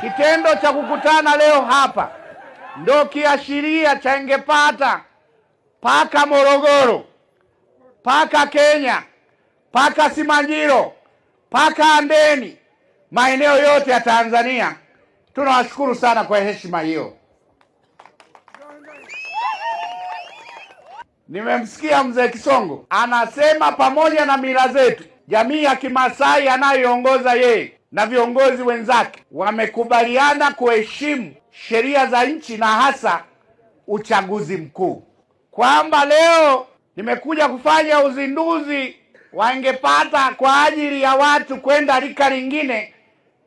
Kitendo cha kukutana leo hapa ndo kiashiria cha ingepata paka Morogoro, paka Kenya, paka Simanjiro, paka Andeni, maeneo yote ya Tanzania. Tunawashukuru sana kwa heshima hiyo. Nimemsikia mzee Kisongo anasema pamoja na mila zetu, jamii ya Kimasai anayoongoza yeye na viongozi wenzake wamekubaliana kuheshimu sheria za nchi na hasa uchaguzi mkuu, kwamba leo nimekuja kufanya uzinduzi, wangepata kwa ajili ya watu kwenda rika lingine.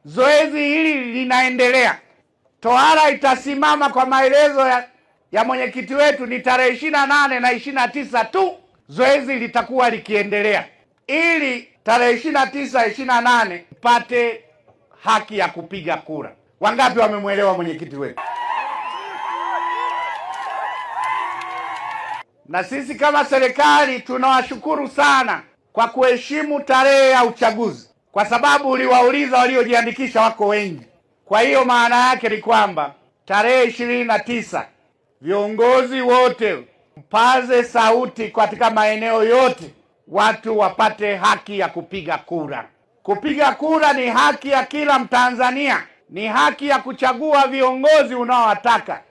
Zoezi hili linaendelea. Tohara itasimama kwa maelezo ya, ya mwenyekiti wetu, ni tarehe ishirini na nane na ishirini na tisa tu zoezi litakuwa likiendelea ili tarehe ishirini na tisa ishirini na nane mpate haki ya kupiga kura. Wangapi wamemwelewa mwenyekiti wetu? Na sisi kama serikali tunawashukuru sana kwa kuheshimu tarehe ya uchaguzi, kwa sababu uliwauliza waliojiandikisha wako wengi. Kwa hiyo maana yake ni kwamba tarehe ishirini na tisa viongozi wote mpaze sauti katika maeneo yote watu wapate haki ya kupiga kura. Kupiga kura ni haki ya kila Mtanzania, ni haki ya kuchagua viongozi unaowataka,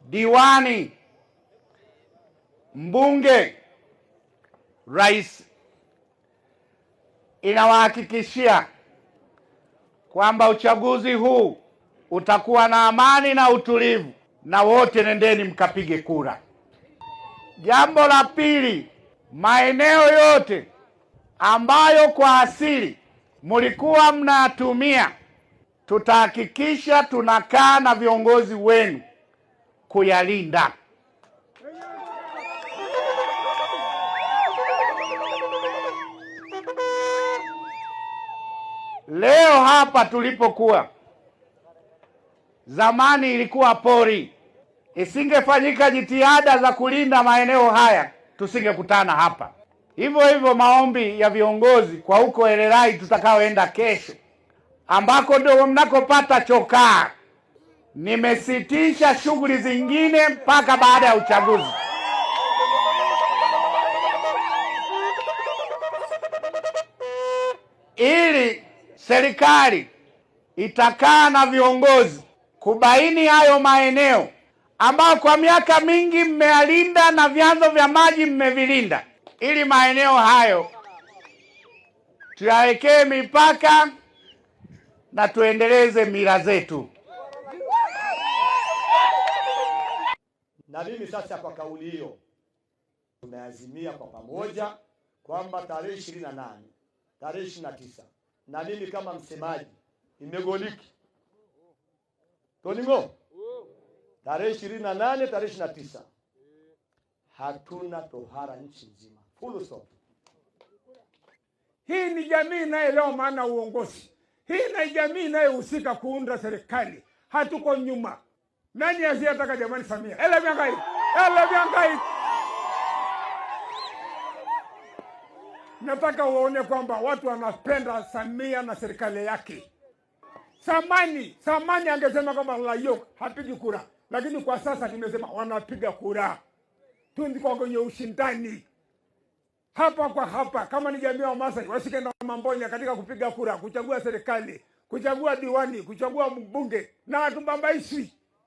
diwani, mbunge, rais. Inawahakikishia kwamba uchaguzi huu utakuwa na amani na utulivu, na wote nendeni mkapige kura. Jambo la pili maeneo yote ambayo kwa asili mlikuwa mnatumia tutahakikisha tunakaa na viongozi wenu kuyalinda. Leo hapa tulipokuwa, zamani ilikuwa pori, isingefanyika jitihada za kulinda maeneo haya tusingekutana hapa. Hivyo hivyo maombi ya viongozi kwa huko Elerai tutakaoenda kesho, ambako ndio mnakopata chokaa. Nimesitisha shughuli zingine mpaka baada ya uchaguzi. ili serikali itakaa na viongozi kubaini hayo maeneo ambao kwa miaka mingi mmeyalinda na vyanzo vya maji mmevilinda, ili maeneo hayo tuyawekee mipaka na tuendeleze mila zetu. Na mimi sasa, kwa kauli hiyo, tumeazimia kwa pamoja kwamba tarehe ishirini na nane tarehe ishirini na tisa na mimi kama msemaji imegoliki toningo tarehe ishirini na nane tarehe ishirini na tisa hatuna tohara nchi nzima, full stop. Hii ni jamii inayeelewa maana uongozi. Hii ni jamii inayohusika kuunda serikali. Hatuko nyuma. Nani asiyetaka jamani Samia? Ele vyangai. Ele vyangai. Nataka uone kwamba watu wanapenda Samia na serikali yake. Samani samani angesema kwamba Layok hapigi kura, lakini kwa sasa tumesema wanapiga kura. Tuko kwenye ushindani hapa kwa hapa, kama ni jamii ya Wamasai washike na mambonya katika kupiga kura, kuchagua serikali, kuchagua diwani, kuchagua mbunge na hatumbambaishi.